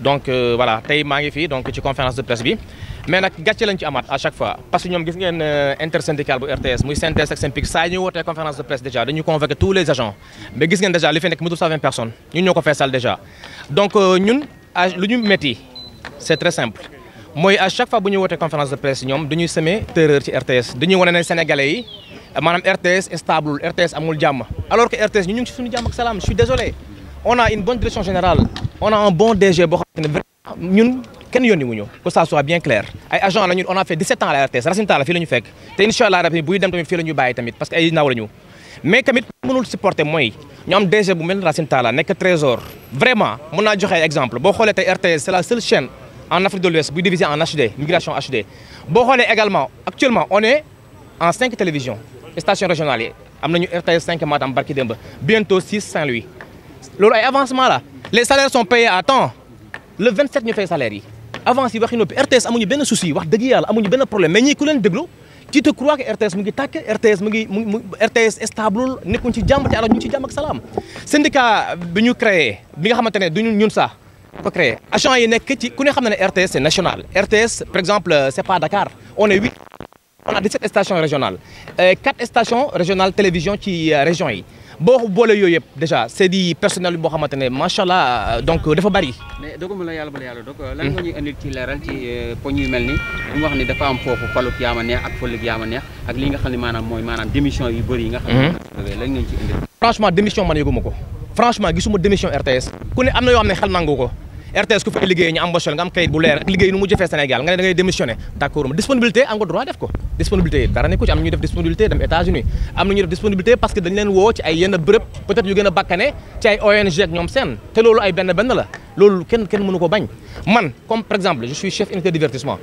donc euh, voilà tey maa ngi fii donc ci conférence de presse bi mais nag gàcce lañ ci amaat à chaque fois parce que ñoom gis ngeen euh, intersyndical bu RTS muy CNTS ak saa ñuy wootee conférence de presse déjà dañuy convoqué tous les agents mais gis ngeen déjà li fi nekk personnes ñun ñoo ko feesal déjà donc euh, ñun lu ñu métti c'est très simple mooy à chaque fois bu ñuy wootee conférence de presse ñoom dañuy semer terreur ci RTS dañuy wane ne sénégalais yi maanaam jàmm alors que ñu ngi ci suñu jàmm on a un bon DG boo xam ne vraiment ñun kenn yónni mu ñu que ça soit bien clair agent la on a fait 17 ans à la RTS Racine Talla fii la ñu fekk te incha allah rabi buy dem tamit fii la ñu bàyyi tamit parce que ay ndaw ñu mais tamit mënul supporter mooy ñu am bu mel ne Racine Talla nekk trésor vraiment mun naa joxe exemple boo xoolee te RTS c'est la seule chaîne en Afrique de l'Ouest buy divisé en HD migration HD boo xoolee également actuellement on est en cinq télévisions stations régionales yi am nañu RTS 5 Matam barki démb bientôt 6 saint loolu ay avancement les salaires sont payés à temps le 27 ñu fay salaire yi avant si waxi noppi RTS amuñu benn souci wax dëgg yàlla amuñu benn problème mais ñii ku leen déglu tu te crois que RTS mu ngi RTS mu ngi mu RTS stable nekkuñ ci jàmm te alors ci jàmm ak salaam. syndicat bi ñu créé bi nga xamante ne du ñun ñun sax ko créé yi nekk ci ku ne xam na ne RTS c'est national RTS par exemple c'est pas Dakar on est huit. on a 17 stations régionales et euh, stations régionales ci euh, région yi. boo boole yooyu yëpp déjà c'est di personnel boo xamante ne macha allah donc dafa bari. mais la yàlla bala yàlla dog. lan nga ñuy indil ci leeral ci euh, dafa am foofu faluk yaa ma neex ak ma neex ak li nga xam ne maanaam mooy maanaam démission yu bëri yi nga xam ne. Mhm. lan nga ñu ci indil. franchement démission man yëguma ko franchement gisuma démission RTS ku ne am na yoo xam ne xel nangu ko. RTS ku fay liggéey ñu embauché nga am kayit bu leer liggéey nu mu jëfee Sénégal nga ne da d'accord ma disponibilité am nga droit def ko disponibilité dara ne ko ci am na ñuy def disponibilité dem États-Unis am na ñuy def disponibilité parce que dañ leen woo ci ay yenn bërëb peut-être yu gën a bakkane ci ay ONG ak ñoom seen te loolu ay benn benn la loolu kenn kenn mënu ko bañ man comme par exemple je chef unité divertissement